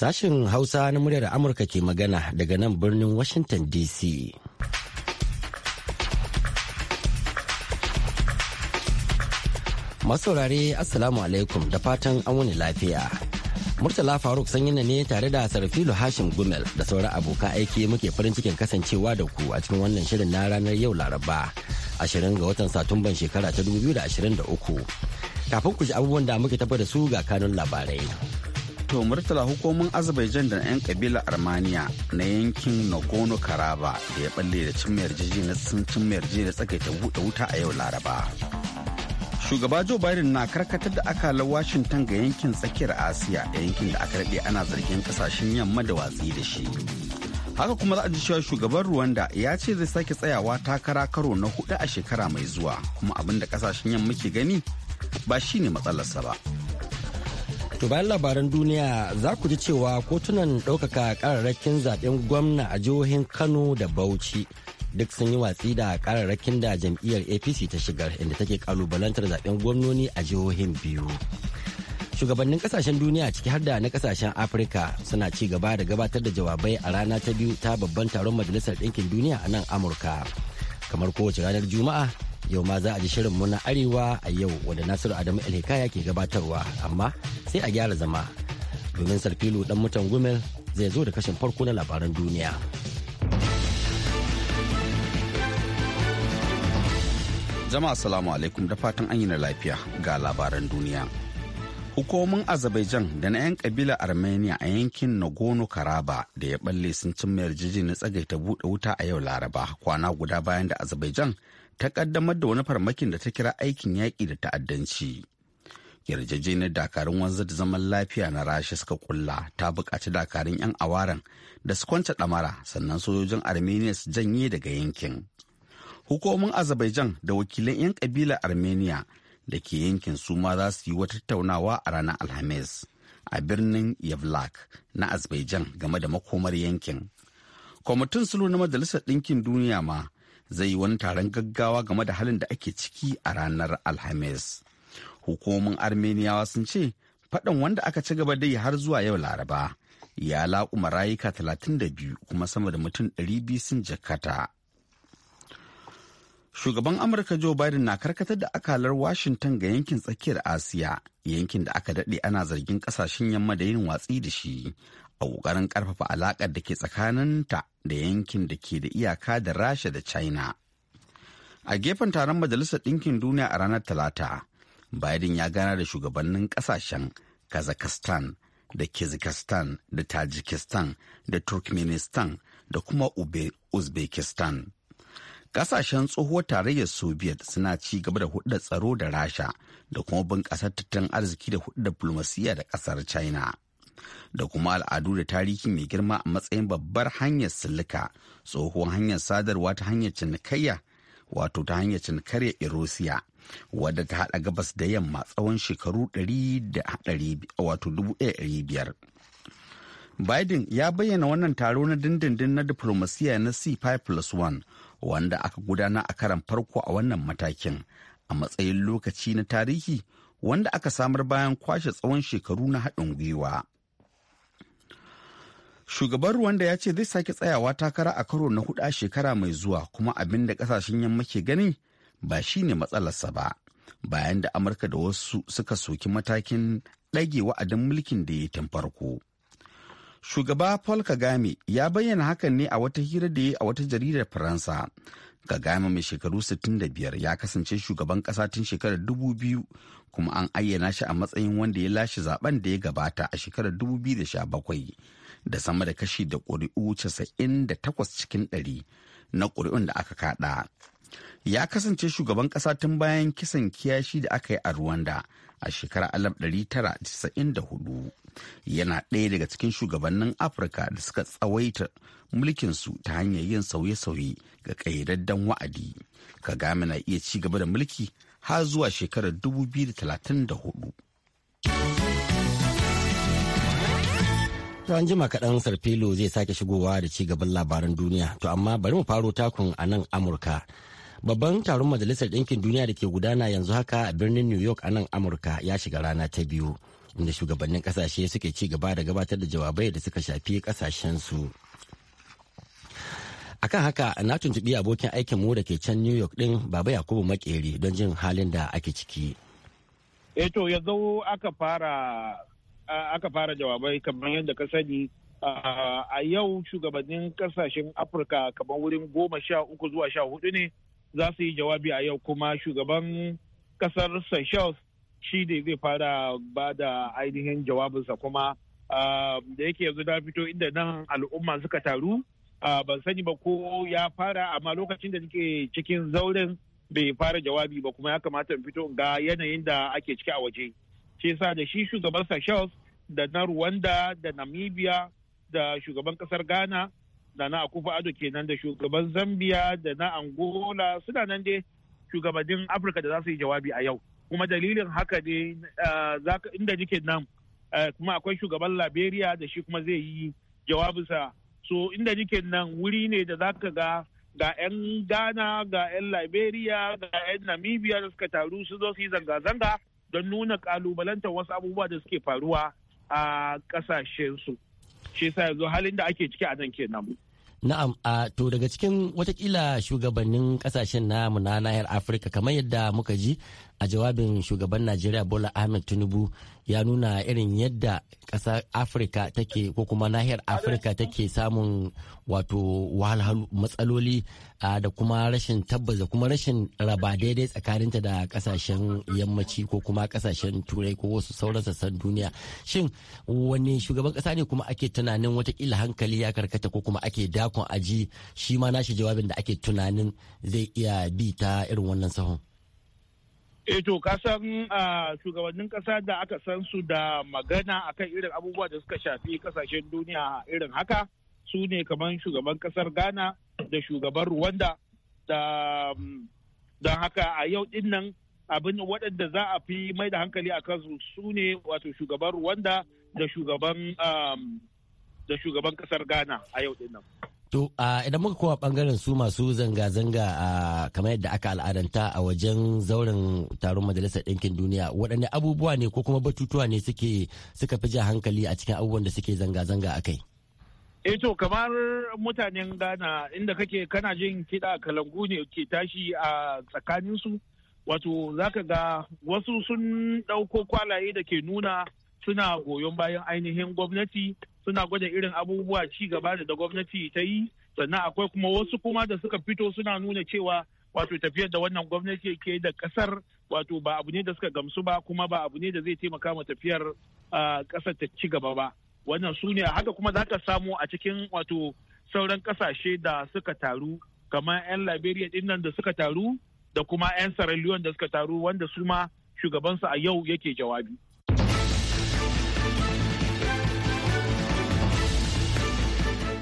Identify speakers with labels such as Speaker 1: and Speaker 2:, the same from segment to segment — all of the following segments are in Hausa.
Speaker 1: Sashen Hausa na muryar Amurka ke magana daga nan birnin Washington DC. Masaurare Assalamu alaikum da fatan an wani lafiya. Murtala Faruk sanyina ne tare da Sarfilu Hashim Gumel da sauran abokan aiki muke farin cikin kasancewa da ku a cikin wannan shirin na ranar yau Laraba ashirin ga watan Satumban shekara ta 2023. Kafin ku ji abubuwan da muke tafa da su ga kanun labarai. to
Speaker 2: murtala hukumomin azerbaijan da 'yan kabilar armenia na yankin nagorno karaba da ya balle da cin yarjeji na sun cin da tsakaita buɗe wuta a yau laraba shugaba joe biden na karkatar da akalar washington ga yankin tsakiyar asiya a yankin da aka daɗe ana zargin kasashen yamma da watsi da shi haka kuma za a ji cewa shugaban rwanda ya ce zai sake tsayawa takara karo na hudu a shekara mai zuwa kuma abinda da kasashen yamma ke gani ba shine matsalarsa ba
Speaker 1: To bayan labaran duniya za ku ji cewa kotunan ɗaukaka ƙararrakin zaɓen gwamna a jihohin Kano da Bauchi duk sun yi watsi da ƙararrakin da jam'iyyar APC ta shigar inda take kalubalantar zaɓen gwamnoni a jihohin biyu. Shugabannin ƙasashen duniya ciki har da na ƙasashen Afirka suna ci gaba da gabatar da jawabai a rana ta biyu ta babban taron Majalisar Ɗinkin Duniya a nan Amurka. Kamar kowace ranar Juma'a yau ma za a ji shirin mu na arewa a yau wanda nasiru adamu alhikaya ke gabatarwa amma sai a gyara zama domin sarfilu dan mutan gumel zai zo da kashin farko na labaran duniya jama'a salamu alaikum da fatan an
Speaker 2: yi na lafiya ga labaran duniya hukumomin azerbaijan da na 'yan kabila armenia a yankin nagorno-karaba da ya balle sun cimma yarjejeniyar tsagaita buɗe wuta a yau laraba kwana guda bayan da azerbaijan ta kaddamar da wani farmakin da ta kira aikin yaƙi da ta'addanci. Yarjejeniyar dakarun wanzar da zaman lafiya na rasha suka kulla ta buƙaci dakarun 'yan awaran da su kwance ɗamara sannan sojojin armenia su janye daga yankin. Hukumomin Azerbaijan da wakilan 'yan ƙabilar Armenia da ke yankin su ma za su yi wa tattaunawa a ranar Alhamis a birnin Yevlak na Azerbaijan game da makomar yankin. Kwamitin Sulu na Majalisar Ɗinkin Duniya ma zai yi wani taron gaggawa game da halin da ake ciki a ranar alhamis hukumomin armeniyawa sun ce faɗan wanda aka ci gaba dai har zuwa yau laraba ya laƙuma rayuka 32 kuma sama da mutum 200 sun jakata shugaban amurka joe biden na karkatar da akalar washington ga yankin tsakiyar asiya yankin da aka daɗe ana zargin ƙasashen yamma da yin watsi da shi a ƙoƙarin ƙarfafa alaƙar da ke tsakaninta da yankin da ke da iyaka da rasha da china a gefen taron majalisar ɗinkin duniya a ranar talata biden ya gana da shugabannin ƙasashen kazakhstan da kizikistan da tajikistan da turkmenistan da kuma uzbekistan ƙasashen tsohuwar tarayyar soviet suna ci gaba da hudda tsaro da rasha da kuma bunƙasar tattalin arziki da hudda diplomasiya da ƙasar china da kuma al'adu da tarihi mai girma a matsayin babbar hanyar silika tsohuwar hanyar sadarwa ta hanyar cinikayya wato ta hanyar cinikarya Irosiya wadda ta haɗa gabas da yamma tsawon shekaru 1,500 biden ya bayyana wannan taro na dindindin na diplomasiya na c5 plus 1 wanda aka gudana a karan farko a wannan matakin a matsayin lokaci na tarihi wanda aka samar bayan kwashe tsawon shekaru na haɗin gwiwa. shugaban ruwan da ya ce zai sake tsayawa takara a karo na hudu a shekara mai zuwa kuma abin da kasashen yamma ke gani ba shine matsalarsa ba bayan da amurka da wasu suka soki matakin ɗage wa'adin mulkin da ya tun farko shugaba paul kagame ya bayyana hakan ne a wata hira da ya a wata jaridar faransa kagame mai shekaru 65 ya kasance shugaban kasa tun shekarar 2000 kuma an ayyana shi a matsayin wanda ya lashe zaben da ya gabata a shekarar 2017 da sama da kashi da ƙuri'u takwas cikin ɗari na ƙuri'un da aka kaɗa, Ya kasance shugaban ƙasa tun bayan kisan kiyashi da aka yi a ruwanda a shekarar 1994. Yana ɗaya daga cikin shugabannin Afirka da suka tsawaita mulkinsu ta hanyar yin sauye-sauye ga ƙayyadaddan wa'adi. Kagame na iya ci gaba da mulki har zuwa shekarar
Speaker 1: 2034. To an jima kaɗan Sarfilo zai sake shigowa da ci gaban labaran duniya. To amma bari mu faro takun a nan Amurka. Babban taron Majalisar Ɗinkin Duniya da ke gudana yanzu haka a birnin New York a nan Amurka ya shiga rana ta biyu. Inda shugabannin ƙasashe suke ci gaba da gabatar da jawabai da suka shafi su Akan haka na tuntuɓi abokin aikin mu da ke can New York ɗin Baba Yakubu Makeri don jin halin da ake ciki.
Speaker 3: Eto eh yanzu aka fara aka fara jawabai kamar yadda ka sani a yau shugabannin kasashen afirka kamar wurin goma sha uku zuwa sha hudu ne za su yi jawabi a yau kuma shugaban kasar seychelles shi ne zai fara ba da ainihin jawabinsa kuma da yake yanzu na fito inda nan al'umma suka taru ban sani ba ko ya fara amma lokacin da nake cikin zauren bai fara jawabi ba kuma ya kamata in fito ga yanayin da ake ciki a waje. shi yasa da shi shugaban Seychelles da na Rwanda da Namibia da shugaban kasar Ghana da na Akufa Ado kenan da shugaban Zambia da na Angola suna nan dai shugabannin Afirka da za su yi jawabi a yau kuma dalilin haka ne eh, inda nan eh, kuma akwai shugaban Liberia da shi kuma zai yi jawabinsa so inda nake nan wuri ne da zaka ga ga 'yan Ghana ga 'yan Liberia ga 'yan Namibia da suka taru su zo su yi zanga-zanga don nuna kalubalantar wasu abubuwa da suke faruwa a kasashensu shi sa yanzu halin da ake ciki a nan kenan.
Speaker 1: Na'am, a to daga cikin watakila shugabannin kasashen namu na nahiyar Afirka kamar yadda muka ji a jawabin shugaban Najeriya Bola Ahmed Tinubu ya nuna irin yadda ƙasar Afirka take ko kuma nahiyar Afirka take samun wato wahalhalu matsaloli da kuma rashin tabbas da kuma rashin raba daidai tsakaninta da kasashen yammaci ko kuma kasashen turai ko wasu sauran sassan duniya. Shin wani shugaban ƙasa ne kuma ake tunanin watakila hankali ya karkata ko kuma ake da kun aji shi ma nashi jawabin da ake tunanin zai iya bi ta irin wannan sahun.
Speaker 3: e to kasan shugabannin kasa da aka san su da magana akan irin abubuwa da suka shafi kasashen duniya irin haka su ne kamar shugaban kasar ghana da shugaban rwanda da mm, don haka a yau din nan abin waɗanda za a fi mai da hankali a su su ne wato shugaban rwanda da shugaban da kasar ghana a yau din nan
Speaker 1: To idan muka kowa bangaren su masu zanga-zanga a kamar yadda aka al'adanta a wajen zauren taron majalisar ɗinkin duniya waɗanne abubuwa ne ko kuma batutuwa ne suke suka fi ja hankali a cikin abubuwan da suke zanga-zanga a kai.
Speaker 3: E to kamar mutanen Ghana inda kake kana jin kiɗa kalangu ne ke tashi a tsakaninsu wato zaka ga wasu sun ɗauko kwalaye da ke nuna suna goyon bayan ainihin gwamnati suna gwada irin abubuwa ci gaba da gwamnati ta yi sannan akwai kuma wasu kuma da suka fito suna nuna cewa wato tafiyar da wannan gwamnati ke da kasar wato ba abu ne da suka gamsu ba kuma ba abu ne da zai taimaka ma tafiyar kasar ta ci gaba ba wannan su ne haka kuma za ka samu a cikin wato sauran kasashe da suka taru kamar 'yan liberia dinnan da suka taru da kuma 'yan sierra da suka taru wanda su ma shugabansu a yau yake jawabi.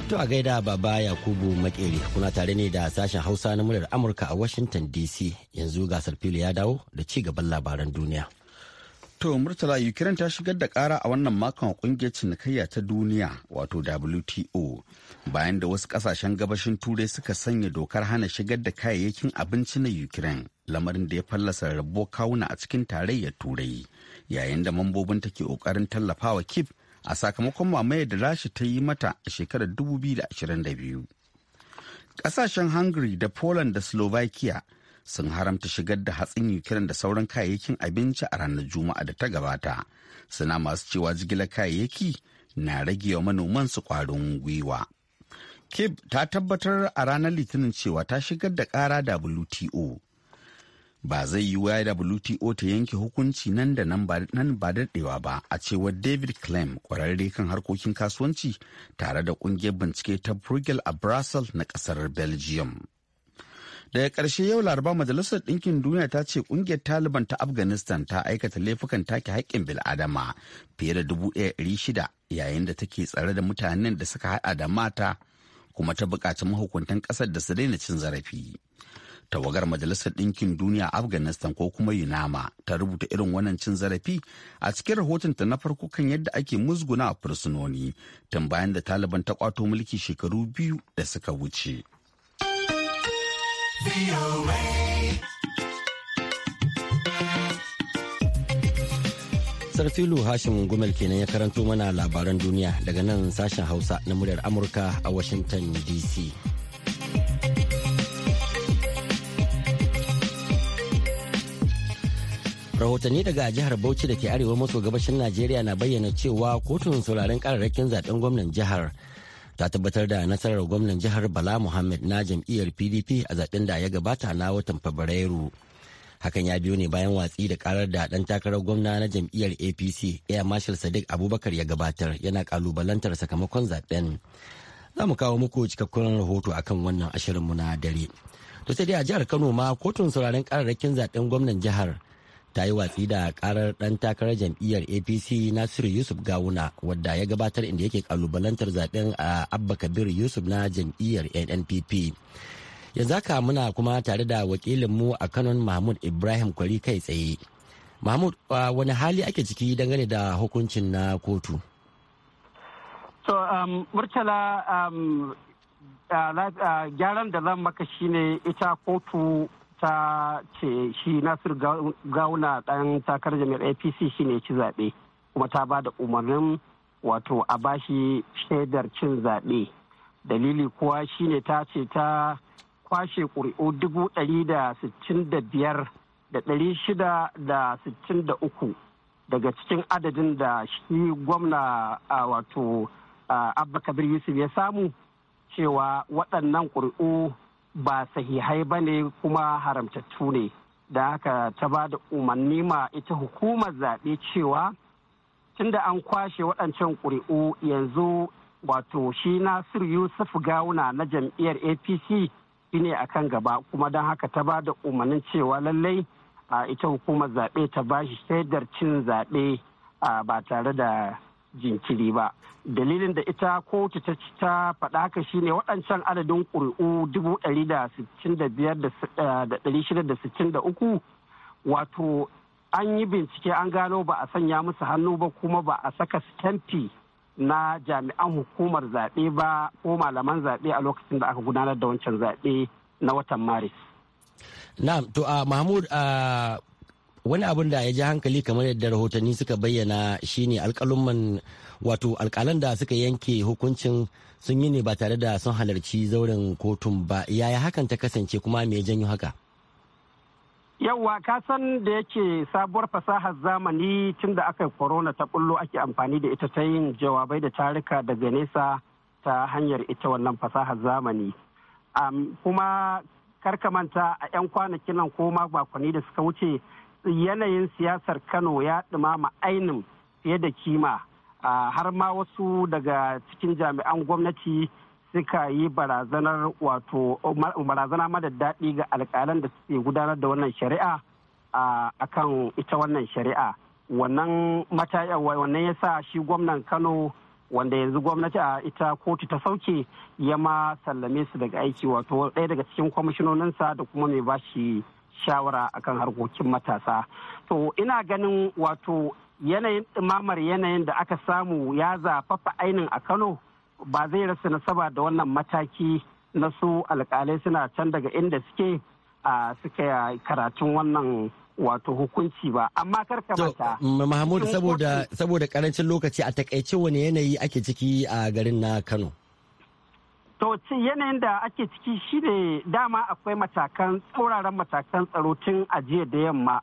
Speaker 1: To a gaida baba Yakubu Makeri kuna tare ne da sashen Hausa na muryar Amurka a Washington DC yanzu gasar fili ya dawo da ci gaban labaran duniya. To Murtala Ukraine ta shigar da kara a wannan makon kungiyar cinikayya ta
Speaker 2: duniya wato WTO bayan da wasu kasashen gabashin turai suka sanya dokar hana shigar da kayayyakin abinci na Ukraine lamarin da ya fallasa rabo kawuna a cikin tarayyar turai yayin da mambobin take kokarin tallafawa kif a sakamakon mamayar da rashi ta yi mata a shekarar 2022 ƙasashen hungary da poland da slovakia sun haramta shigar da hatsin ukraine da sauran kayayyakin abinci a ranar juma'a da ta gabata suna masu cewa jigilar kayayyaki na rage wa manoman su kwarin gwiwa kib ta tabbatar a ranar litinin cewa ta shigar da kara wto ba zai yi wto ta yanke hukunci nan da nan ba daɗewa ba a cewar david clem kwararre kan harkokin kasuwanci tare da ƙungiyar bincike ta Brugel a brussels na ƙasar belgium daga ƙarshe yau laraba majalisar ɗinkin duniya ta ce ƙungiyar taliban ta afghanistan ta aikata laifukan take haƙƙin bil'adama fiye da dubu shida yayin da take tsare da mutanen da suka haɗa da mata kuma ta buƙaci mahukuntan ƙasar da su daina cin zarafi tawagar majalisar ɗinkin duniya afghanistan ko kuma yunama ta rubuta irin wannan cin zarafi a cikin rahoton ta na farko kan yadda ake musguna a fursunoni tun bayan da taliban ta kwato mulki shekaru biyu da suka wuce
Speaker 1: sarfilu hashim gumel kenan ya karanto mana labaran duniya daga nan sashen hausa na muryar amurka a washington dc rahotanni daga jihar bauchi da ke arewa maso gabashin najeriya na bayyana cewa kotun sauraren kararrakin zaɓen gwamnan jihar ta tabbatar da nasarar gwamnan jihar bala muhammad na jam'iyyar pdp a zaɓen da ya gabata na watan fabrairu hakan ya biyo ne bayan watsi da karar da dan takarar gwamna na jam'iyyar apc air marshal sadiq abubakar ya gabatar yana kalubalantar sakamakon zaɓen. za mu kawo muku cikakkun rahoto akan wannan ashirinmu na dare to sai dai a jihar kano ma kotun sauraren kararrakin zaben gwamnan jihar ta yi watsi da karar dan takarar jam'iyyar apc nasiru yusuf gawuna wadda ya gabatar inda yake kalubalantar zaben a abba kabir yusuf na jam'iyyar nnpp yanzu haka muna kuma tare da wakilin mu a kanon mahmud ibrahim kwari kai tsaye mahmud wani hali ake ciki dangane da hukuncin na kotu
Speaker 4: um, murtala um, gyaran da zan maka shine ita kotu ta ce shi nasir gauna dan takar jami'ar apc shine ya ci zaɓe kuma ta ba da umarnin wato a bashi shaidar cin zaɓe dalili kuwa shine ta ce ta kwashe ƙuri'u dubu ɗari da sittin da biyar da ɗari shida da sittin da uku daga cikin adadin da shi gwamna a wato abba kabir yusuf ya samu cewa waɗannan ƙuri'u ba sahihai ba ne kuma haramtattu ne da haka ta ba da umarni ma ita hukumar zaɓe cewa tunda an kwashe waɗancan ƙuri'u yanzu wato shi nasiru yusuf gawuna na jam'iyyar apc shine ne akan gaba kuma don haka ta ba da umarnin cewa lallai a ita hukumar zaɓe ta ba shi shaidar cin zaɓe ba tare da jinkiri ba dalilin da ita kotu ta ta faɗa haka shine waɗancan adadin ƙuri'u dubu ɗari da sittin da biyar eh, da ɗari shida da sittin da uku wato an yi bincike an gano ba a sanya musu hannu ba kuma ba a saka sitamfi na jami'an hukumar zaɓe ba ko malaman zaɓe a lokacin da aka gudanar da wancan zaɓe na watan maris.
Speaker 1: Na'am to a ah, Mahmud a ah, wani abin da ya ji hankali kamar yadda rahotanni suka bayyana shine alkalumman wato alkalan da suka yanke hukuncin sun yi ne ba tare da sun halarci zauren kotun ba yaya hakan ta kasance kuma mai janyo haka
Speaker 4: yawwa ka san da yake sabuwar fasahar zamani tun da aka korona ta bullo ake amfani da ita ta yin jawabai da tarika daga nesa ta hanyar ita wannan fasahar zamani um, kuma karkamanta a 'yan kwanakin nan ko makonni da suka wuce yanayin siyasar kano ya ɗumama ainin fiye da kima har ma wasu daga cikin jami'an gwamnati suka yi barazanar wato barazana mada daɗi ga alƙalan da suke gudanar da wannan shari'a a kan ita wannan shari'a wannan wannan ya sa shi gwamnan kano wanda yanzu gwamnati a ita kotu ta sauke ya ma sallame su daga aiki wato ɗaya daga cikin kwamishinoninsa da kuma mai bashi shawara akan harkokin matasa to ina ganin wato yanayin ɗumamar yanayin da aka samu ya zafafa ainin a kano ba zai rasa nasaba da wannan mataki na su alkalai suna can daga inda suke a suka karatun wannan wato hukunci ba amma karka mata Mahmoud saboda
Speaker 1: saboda karancin lokaci a takaice wani yanayi ake ciki a garin na kano
Speaker 4: To yanayin da ake ciki shi ne dama akwai matakan tsauraran matakan tsaro tun a jiya da yamma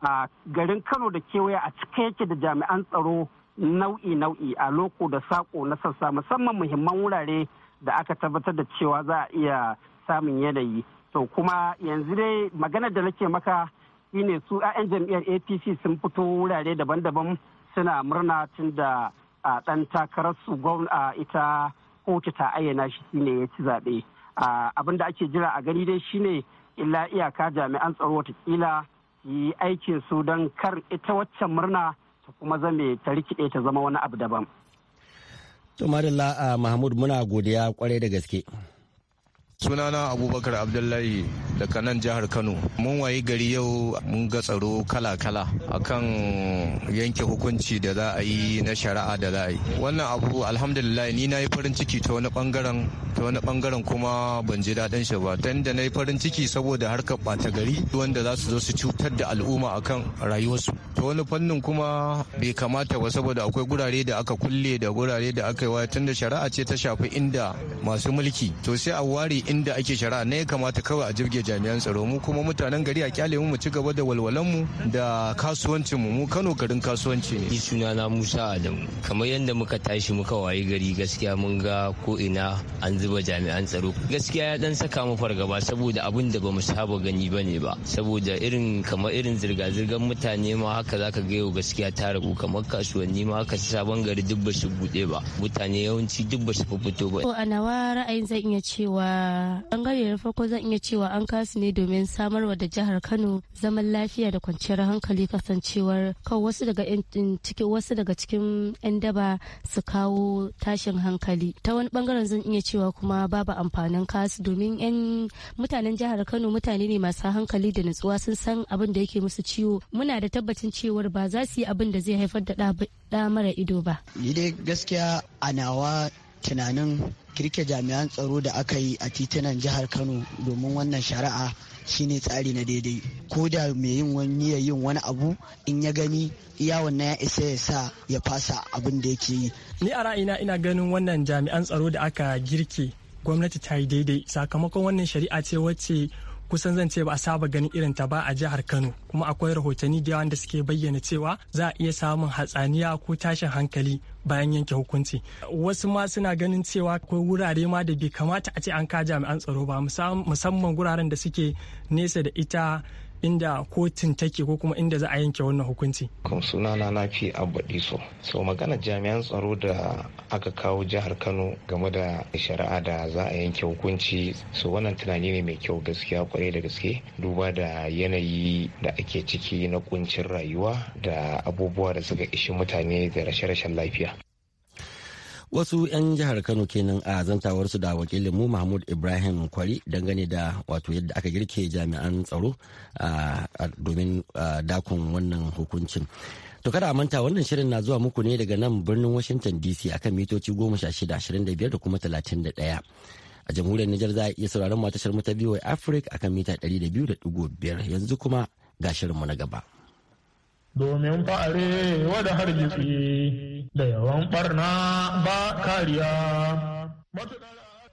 Speaker 4: a garin Kano da kewaye a cika yake da jami'an tsaro nau'i-nau'i a loko da sako na sassa musamman muhimman wurare da aka tabbatar da cewa za a iya samun yanayi. To kuma yanzu dai maganar da nake maka shine su 'ya'yan jam'iyyar APC sun fito wurare daban-daban suna murna tun da ɗan takararsu gwamna ita kotu ta ayyana shi shine ya ci zaɓe abin da ake jira a gani dai shine illa iyaka jami'an tsaro watakila yi aikin su don kar ita waccan murna ta kuma zame ta rikide ta zama wani abu daban.
Speaker 1: To Madalla Mahmud muna godiya kwarai da gaske. sunana
Speaker 4: abubakar
Speaker 5: abdullahi daga nan jihar kano mun wayi gari yau mun ga tsaro kala-kala akan yanke hukunci da za a yi na shari'a da za a yi wannan abu alhamdulillah ni na yi farin ciki ta wani bangaren ta wani bangaren kuma ban ji daɗin shi ba ta inda na yi farin ciki saboda harkar ɓata gari wanda za su zo su cutar da al'umma akan rayuwarsu ta wani fannin kuma bai kamata ba saboda akwai gurare da aka kulle da gurare da aka yi wa tunda shari'a ce ta shafi inda masu mulki to sai a ware inda ake shari'a ne kamata kawai a jirge jami'an tsaro mu kuma mutanen gari a kyale mu mu ci gaba da walwalan mu da kasuwancin mu mu Kano garin kasuwanci ne suna na Musa Adamu kamar yadda muka tashi muka waye gari gaskiya mun ga ko ina an zuba jami'an tsaro gaskiya ya dan saka mu fargaba saboda abin da bamu saba gani bane ba saboda irin kamar irin zirga zirgar mutane ma haka zaka ga yau gaskiya ta ragu kamar kasuwanni ma haka sabon gari duk ba su bude ba mutane yawanci duk ba su fito ba a nawa ra'ayin zan iya cewa a farko zan iya cewa an kasu ne domin samarwa da jihar kano zaman lafiya da kwanciyar hankali kasancewar kawai wasu daga cikin wasu daga cikin 'yan daba su kawo tashin hankali ta wani bangaren zan iya cewa kuma babu amfanin kasu domin 'yan mutanen jihar kano mutane ne masu hankali da nutsuwa sun san abin da yake musu ciwo muna da tabbacin cewar ba za su yi abin da zai haifar da da mara ido ba. ni gaskiya a
Speaker 1: nawa tunanin kirke jami'an tsaro da aka yi a titunan jihar kano domin wannan shari'a shine tsari na daidai ko da mai yin wani ya yin wani abu in ya gani iya wannan ya isa ya sa ya fasa abin da yake yi ni a raina ina
Speaker 6: ganin wannan jami'an tsaro da aka girke gwamnati ta yi daidai sakamakon wannan shari'a ce wacce kusan zan ce ba a saba ganin irin ta ba a jihar Kano kuma akwai rahotanni da yawan da suke bayyana cewa za a iya samun hatsaniya ko tashin hankali bayan yanke hukunci wasu ma suna ganin cewa akwai wurare ma da bai kamata a ce an ka jami'an tsaro ba musamman guraren da suke nesa da ita inda kotun take ko kuma inda za a yanke wannan hukunci.
Speaker 5: Kun suna na nafi abbaɗiso. So magana jami'an tsaro da aka kawo jihar Kano game da shari'a da za a yanke hukunci so wannan tunani ne mai kyau gaskiya kwarai da gaske duba da yanayi da ake ciki na kuncin rayuwa da abubuwa da suka ishi mutane da rashe-rashen lafiya.
Speaker 1: wasu 'yan jihar kano kenan a zantawarsu da wakilin mu mahmud ibrahim kwari dangane da wato yadda aka girke jami'an tsaro domin dakon wannan hukuncin to kada manta wannan shirin na zuwa muku ne daga nan birnin washington dc akan mitoci goma sha da kuma talatin a jamhuriyar nijar za a iya sauraron matashar mu ta biyu africa akan mita ɗari biyar yanzu kuma ga shirinmu na gaba.
Speaker 6: domin fa'are wada hargitsi da yawan barna ba kariya.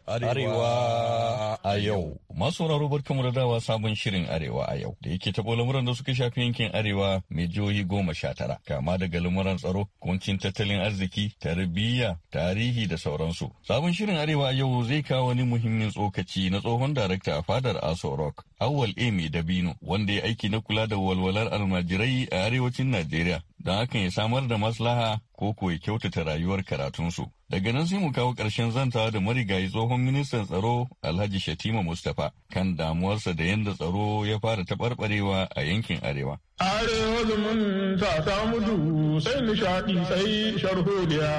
Speaker 7: Arewa a yau. Masu sauraro barkamu da dawa sabon shirin Arewa a yau da yake taɓo lamuran da suka shafi yankin Arewa mai jihohi goma sha tara kama daga lamuran tsaro, kuncin tattalin arziki, tarbiyya, tarihi da sauransu. Sabon shirin Arewa a yau zai kawo wani muhimmin tsokaci na tsohon darakta a fadar Aso Rock, Awal mai Dabino, wanda ya aiki na kula da walwalar almajirai a arewacin Najeriya. Don hakan ya samar da maslaha ko ko ya kyautata rayuwar karatunsu. Daga nan sai mu kawo ƙarshen zantawa da marigayi tsohon ministan tsaro Alhaji Shatima Mustapha ba kan damuwarsa da yadda tsaro ya fara taɓarɓarewa a yankin Arewa.
Speaker 6: Arewa zumunta ta mutu sai nishaɗi sai sharholiya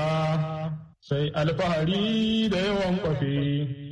Speaker 6: sai alfahari da yawan kwafe.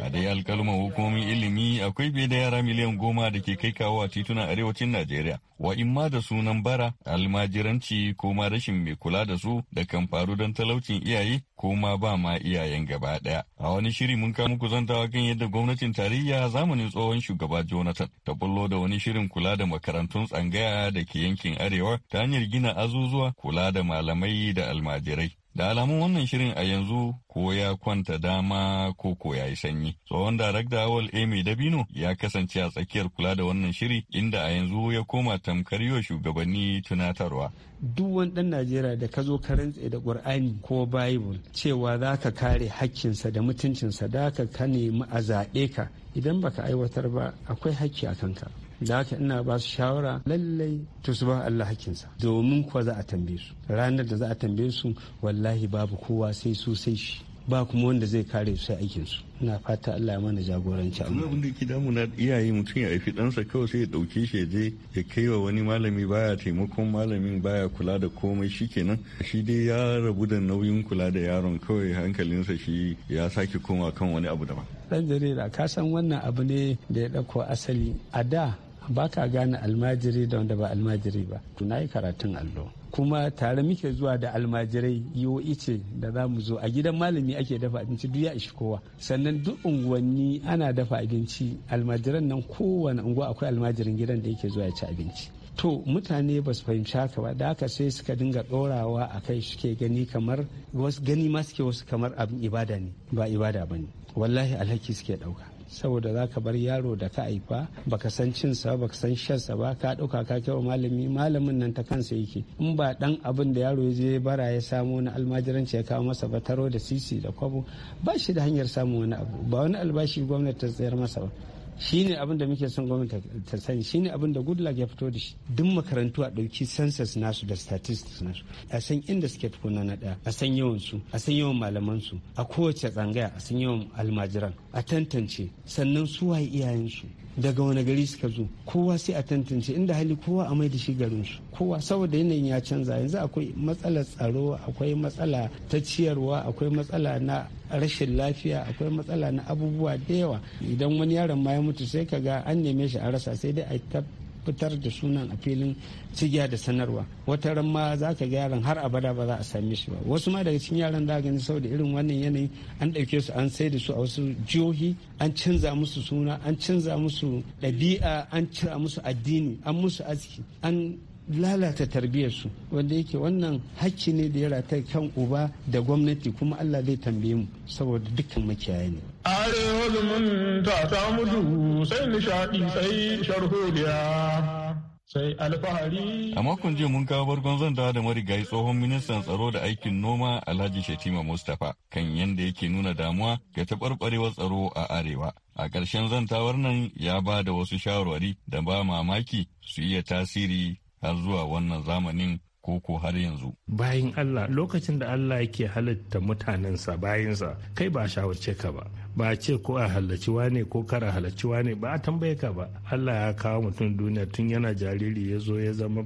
Speaker 7: A dai alkalman hukumomin ilimi akwai fiye da yara miliyan goma da ke kai kawo a titunan arewacin Najeriya, wa imma da sunan bara, almajiranci ko ma rashin mai kula da su da kan faru don talaucin iyaye ko ma ba ma iyayen gaba ɗaya. A wani shiri mun kama ku zantawa kan yadda gwamnatin tarayya zamanin tsohon shugaba Jonathan ta bullo da wani shirin kula da makarantun tsangaya da ke yankin arewa ta hanyar gina azuzuwa kula da malamai da almajirai. Da alamun wannan shirin a yanzu ko ya kwanta dama ko ko ya yi sanyi. Tsohon darakta Awal Amy Dabino ya kasance a tsakiyar kula da wannan shiri inda a yanzu ya koma tamkar yau shugabanni tunatarwa.
Speaker 5: Duk wani ɗan Najeriya da ka zo ka rantse da Ƙur'ani ko Bible cewa za ka kare hakkinsa da mutuncinsa da ka nemi a zaɓe ka idan baka aiwatar ba akwai hakki a kanka. da haka ina ba su shawara lallai to su ba Allah hakinsa domin kuwa za a tambaye su ranar da za a tambaye su wallahi babu kowa sai su sai shi ba kuma wanda zai kare su sai aikin su ina fata Allah ya mana jagoranci
Speaker 7: amma abin da ke na iyaye mutum ya haifi ɗansa kawai sai ya dauke shi ya je ya kai wa wani malami baya taimakon malamin baya kula da komai shikenan shi dai ya rabu da nauyin kula da yaron kawai hankalinsa shi ya sake koma kan wani abu daban
Speaker 5: ɗan jarira ka san wannan abu ne da ya ɗauko asali a da ba ka gane almajiri da wanda ba almajiri ba to na yi karatun allo kuma tare muke zuwa da almajirai yiwo ice da za mu zo a gidan malami ake dafa abinci duk ya ishi kowa sannan duk unguwanni ana dafa abinci almajiran nan kowane unguwa akwai almajirin gidan da yake zuwa ya ci abinci to mutane ba su fahimci haka ba da haka sai suka dinga ɗorawa a kai suke gani kamar wasu gani ma suke wasu kamar abin ibada ne ba ibada ba ne wallahi alhaki suke ɗauka saboda za ka bar yaro da ka haifa baka san cinsa baka san shansa ba ka ɗauka ka kyau malami malamin nan ta kansa yake in ba dan abin da yaro ya je bara ya samu na almajiranci ya kawo masa ba taro da sisi da kwabo ba shi da hanyar samun wani abu ba wani albashi gwamnati ta tsayar masa ba ne abin da muke son gwamnati ta sani shine abin da goodluck ya fito da shi duk makarantu a ɗauki census nasu da statistics nasu a san inda suke tukuna na ɗaya a san yawan su a san yawan malaman su a kowace tsangaya a san yawan almajiran a tantance sannan su waye iyayen su daga wani gari suka zo kowa sai a tantance inda hali kowa a mai da shi garin su kowa saboda yanayin ya canza yanzu akwai matsala tsaro akwai matsala ta ciyarwa akwai matsala na rashin lafiya akwai matsala na abubuwa da yawa idan wani yaron ma ya mutu sai ka ga an neme shi a rasa sai dai a fitar da sunan a filin cigiya da sanarwa wata ran ma za ka ga yaran har abada ba za a same shi ba wasu ma daga cikin yaran da gani saboda irin wannan yanayi an ɗauke su an sai da su a wasu jihohi an canza musu suna an canza musu ɗabi'a an cira musu addini an musu aski an lalata tarbiyyarsu wanda yake wannan hakki ne da ya rata kan uba da gwamnati kuma Allah zai tambaye mu saboda dukkan makiyaya ne.
Speaker 3: Arewa zumunta
Speaker 6: ta mudu sai nishaɗi sai sharholiya. sai
Speaker 7: alfahari. A makon jiya mun kawo bargon zanda da marigayi tsohon ministan tsaro da aikin noma Alhaji Shatima Mustapha kan yanda yake nuna damuwa ga taɓarɓarewar tsaro a Arewa. A ƙarshen zantawar nan ya ba da wasu shawarwari da ba mamaki su iya tasiri har zuwa wannan zamanin koko har yanzu.
Speaker 6: Bayan Allah lokacin da Allah yake halitta mutanensa bayansa kai ba shawarce ka ba ba a ce ko a halarci wane ko kar a halarci wane ba a tambaye ka ba Allah ya kawo mutum duniya tun yana jariri ya zo ya zama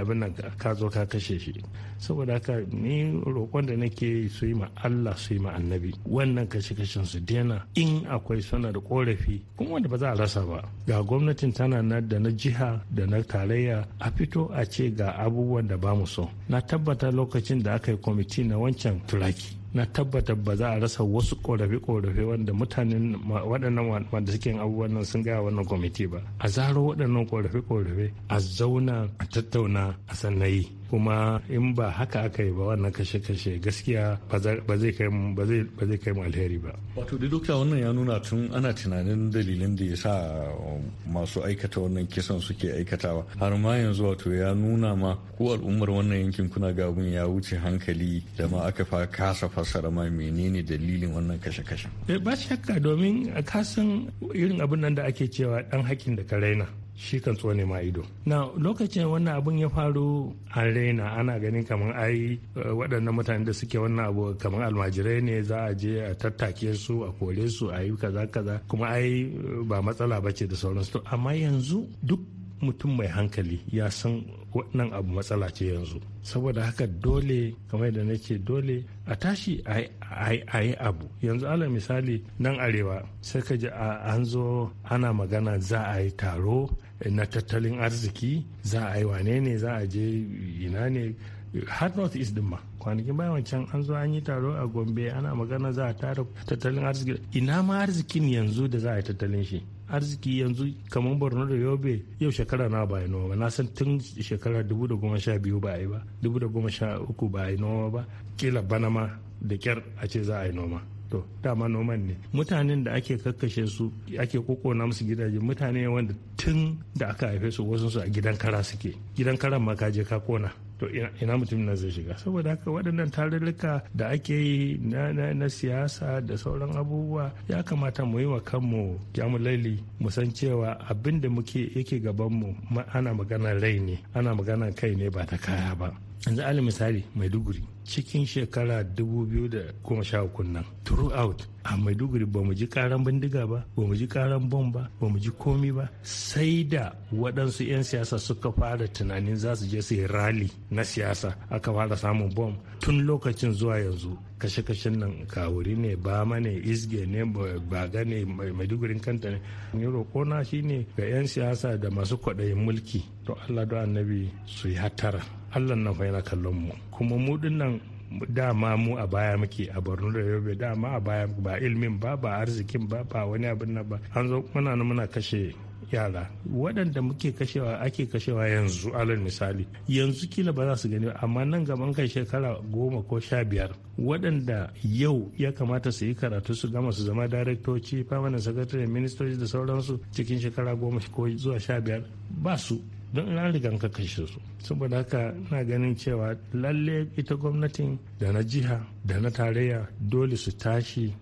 Speaker 6: abin ka zo ka kashe shi saboda haka ni roƙon da nake su yi ma Allah su yi ma annabi wannan kashe kashen su daina in akwai sanar da korafi kuma wanda ba za a rasa ba ga gwamnatin tana na da na jiha da na tarayya a fito a ce ga abubuwan da ba mu so na tabbata lokacin da aka yi kwamiti na wancan turaki na tabbata ba za a rasa wasu korafe-korafe wanda mutanen waɗannan wanda suke abubuwan nan sun gaya wannan kwamiti ba a zaro waɗannan korafe-korafe a zauna a tattauna a sannayi kuma in ba haka aka yi ba wannan kashe-kashe gaskiya ba zai kai mu alheri ba
Speaker 7: wato da dokta wannan ya nuna tun ana tunanin dalilin da ya sa um, masu aikata wannan kisan suke aikatawa har ma yanzu wato ya nuna ma ko al'ummar wannan yankin kuna gabun ya wuce hankali da ma aka fa kasa fassara ma menene dalilin wannan kashe kashe
Speaker 6: eh, ba shakka domin a kasan irin abin nan da ake cewa dan hakkin da ka raina shi kan tsone ma ido na lokacin wannan abun ya faru a raina ana ganin kamar ai eh, waɗannan mutane da suke wannan abu kamar almajirai ne za a je a tattake su a kore su a yi kaza kaza kuma ai eh, ba matsala ba ce da sauransu amma yanzu duk mutum mai hankali ya san wannan abu matsala ce yanzu saboda haka dole kamar da nake dole a tashi a yi abu yanzu ala misali nan arewa sai ka ji an zo ana magana za a yi taro eh, na tattalin arziki za a yi wane ne za a je ina ne har north east din ma kwanakin bayan wancan an zo an yi taro a gombe ana magana za a tara tattalin arziki ina ma arzikin yanzu da za a yi tattalin shi arziki yanzu kamar borno da yobe yau shekara na ba noma ba na san tun shekara 2012 ba a yi ba 2013 ba a yi noma ba kila banama da kyar a ce za a yi noma to dama noman ne mutanen da ake kakkashe su ake kokona musu gidaje mutane wanda tun da aka haife su wasu su a gidan kara suke gidan karan ma ka je ka kona to ina mutum na zai shiga saboda haka waɗannan tarurruka da ake yi na siyasa da sauran abubuwa ya kamata mu yi wa kanmu jamulaili mu san cewa abin da muke yake gabanmu ana magana rai ne ana magana kai ne ba ta kaya ba yanzu alal misali maiduguri cikin shekara 2013 nan throughout a maiduguri ba mu ji karan bindiga ba ba mu ji karan bom ba ba mu ji komi ba sai da waɗansu 'yan siyasa suka fara tunanin za su je su yi rali na siyasa aka fara samun bom tun lokacin zuwa yanzu kashe-kashen nan kawuri ne bama ne izge ne baga ne maidugurin kanta ne ni shi shine ga 'yan siyasa da masu kwaɗayin mulki to allah da annabi su yi hatara allah na fa yana kallon mu kuma mu nan. dama mu a baya muke a borno da yobe dama a baya ba ilmin ba ba arzikin ba ba wani abin nan ba an zo muna muna kashe yara waɗanda muke kashewa ake kashewa yanzu alal misali yanzu kila ba za su gani amma nan gaban kai shekara goma ko sha biyar waɗanda yau ya kamata su yi karatu su gama su zama daraktoci permanent secretary ministoci da sauransu cikin shekara goma ko zuwa sha biyar ba su don na rigan ka kashe su saboda haka na ganin cewa lalle ita gwamnatin da na jiha da na tarayya dole su tashi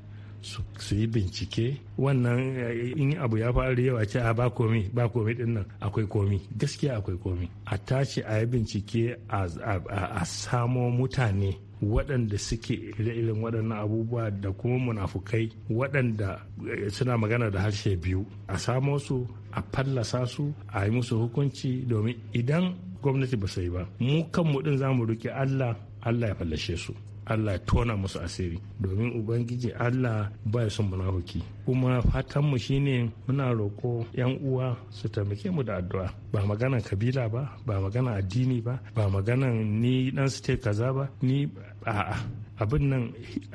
Speaker 6: su yi bincike wannan eh, in abu ya faru yawa, ce a ah, ba komi ba komi din nan akwai komi gaskiya akwai komi a tashi a yi bincike a samo mutane waɗanda suke ire-iren waɗannan abubuwa da kuma munafukai waɗanda eh, suna magana da harshe biyu a samo su a fallasa su a yi musu hukunci domin idan gwamnati ba sai ba mu kanmu ɗin za mu allah allah ya fallashe su Allah ya tona musu asiri domin ubangiji Allah ba son munafuki kuma fatanmu shine muna roƙo 'yan uwa su taimake mu da addu'a ba maganan kabila ba ba maganan addini ba ba maganan ni dan state kaza ba ni a'a abin nan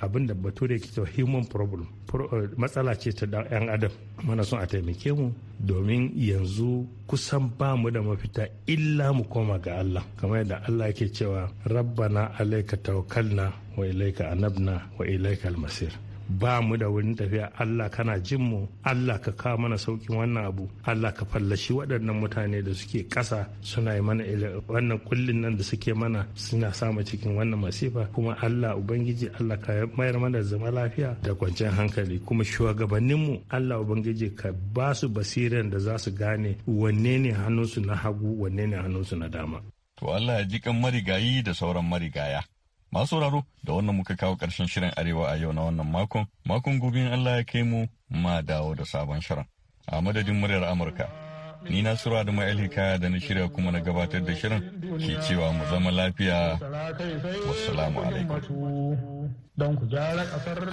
Speaker 6: abin da bature ke cewa human problem eh, matsala ce ta yan adam mana son a taimake mu domin yanzu kusan ba mu da mafita illa mu koma ga Allah kamar yadda Allah yake cewa rabbana alaika tawakkalna wa ilaika anabna wa ilaika almasir ba mu da wurin tafiya Allah kana jin mu Allah ka kawo mana saukin wannan abu Allah ka fallashi waɗannan mutane da suke ƙasa suna yi mana wannan kullin nan da suke mana suna samu cikin wannan masifa kuma Allah ubangiji Allah ka mayar mana zama lafiya da kwanciyar hankali kuma mu Allah ubangiji ka ba su basiran da za su gane wanne ne hannunsu na hagu wanne ne hannunsu na
Speaker 7: dama to Allah ya ji kan marigayi da sauran marigaya Masu sauraro da wannan muka kawo ƙarshen shirin Arewa a yau na wannan makon, makon gobe Allah ya kai mu ma dawo da sabon shirin. A madadin muryar Amurka, ni na sura da ma'il da na shirya kuma na gabatar da shirin ke cewa mu zama lafiya. Wassalamu
Speaker 1: alaikum.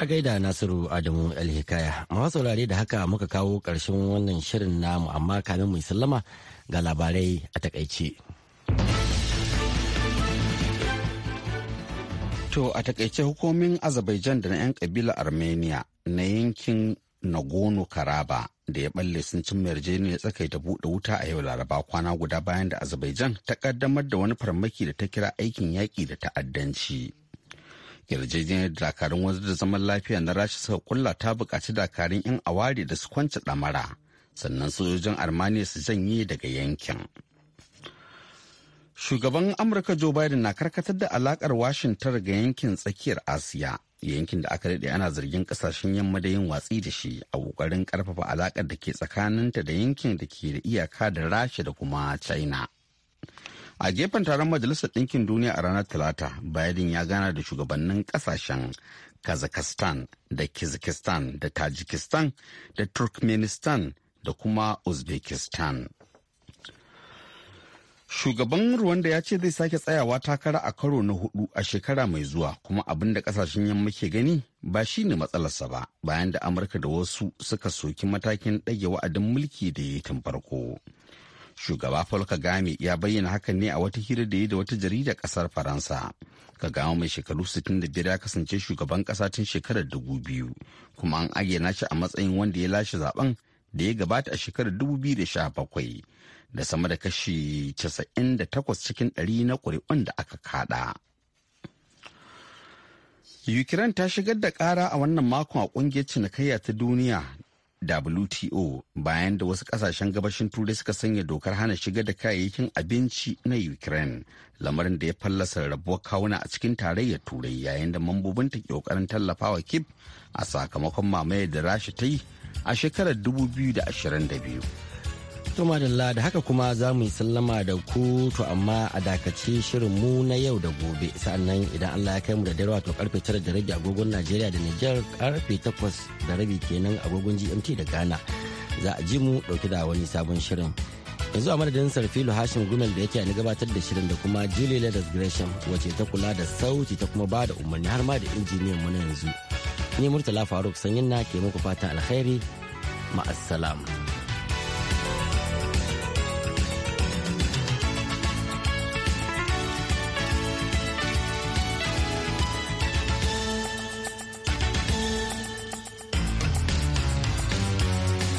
Speaker 1: A gaida Nasiru Adamu Alhikaya, masu saurare da haka muka kawo ƙarshen wannan shirin namu amma kamin mu sallama ga labarai a takaice. To a takaice hukumomin
Speaker 2: Azerbaijan da na 'yan kabila Armenia na yankin Nagorno-Karaba da ya balle sun cin yarjejeniyar da buɗe wuta a yau laraba kwana guda bayan da Azerbaijan ta kaddamar da wani farmaki da ta kira aikin yaƙi da ta'addanci. Yarjejeniyar dakarun wanzu da zaman lafiya na rashi suka kulla ta buƙaci dakarun 'yan aware da su kwance ɗamara sannan sojojin Armenia su janye daga yankin. Shugaban Amurka Joe Biden na karkatar da alakar Washington ga yankin tsakiyar Asiya, yankin da aka daɗe ana zargin ƙasashen yamma da yin watsi da shi a ƙoƙarin ƙarfafa alakar da ke tsakaninta da yankin da ke da iyaka da Rasha da kuma China. A gefen taron Majalisar Ɗinkin Duniya a ranar Talata, Biden ya gana da shugabannin ƙasashen Kazakhstan da Kizikistan da Tajikistan da Turkmenistan da kuma Uzbekistan. Shugaban Rwanda ya ce zai sake tsayawa takara a karo na hudu a shekara mai zuwa kuma abin da kasashen yamma ke gani ba shi ne matsalarsa ba bayan da Amurka da wasu suka soki matakin ɗage wa'adin mulki da ya yi tun farko. Shugaba Paul Kagame ya bayyana hakan ne a wata hira da ya da wata jaridar ƙasar Faransa. Kagame mai shekaru 65 ya kasance shugaban ƙasa tun shekarar 2000 kuma an ayyana shi a matsayin wanda ya lashe zaben da ya gabata a shekarar bakwai. da sama da kashi 98 cikin 100 na ƙuri'un da aka kada. Ukraine ta shigar da ƙara a wannan makon a ƙungiyar cinikayya ta duniya WTO bayan da wasu ƙasashen gabashin turai suka sanya dokar hana shigar da kayayyakin abinci na Ukraine lamarin da ya fallasa rabuwar kawuna a cikin tarayyar turai yayin da mambobin ta ƙoƙarin tallafawa Kip a sakamakon mamayar da Rasha ta yi a shekarar 2022.
Speaker 1: To madalla da haka kuma za mu yi sallama da ku to amma a dakace shirin mu na yau da gobe sa'annan idan Allah ya kai mu da dare wato karfe tara da rabi agogon Najeriya da niger karfe takwas da rabi kenan agogon GMT da Ghana za a ji mu dauki da wani sabon shirin. Yanzu a madadin Sarfilu Hashim Gumel da yake ni gabatar da shirin da kuma Julie Ladas Gresham wacce ta kula da sauti ta kuma ba da umarni har ma da injiniyan mu na yanzu. Ni Murtala Faruk Sanyin na ke muku fatan alkhairi ma'assalam.